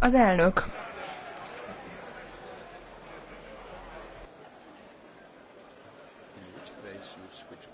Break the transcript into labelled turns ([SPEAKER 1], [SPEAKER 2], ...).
[SPEAKER 1] Az elnök.
[SPEAKER 2] Which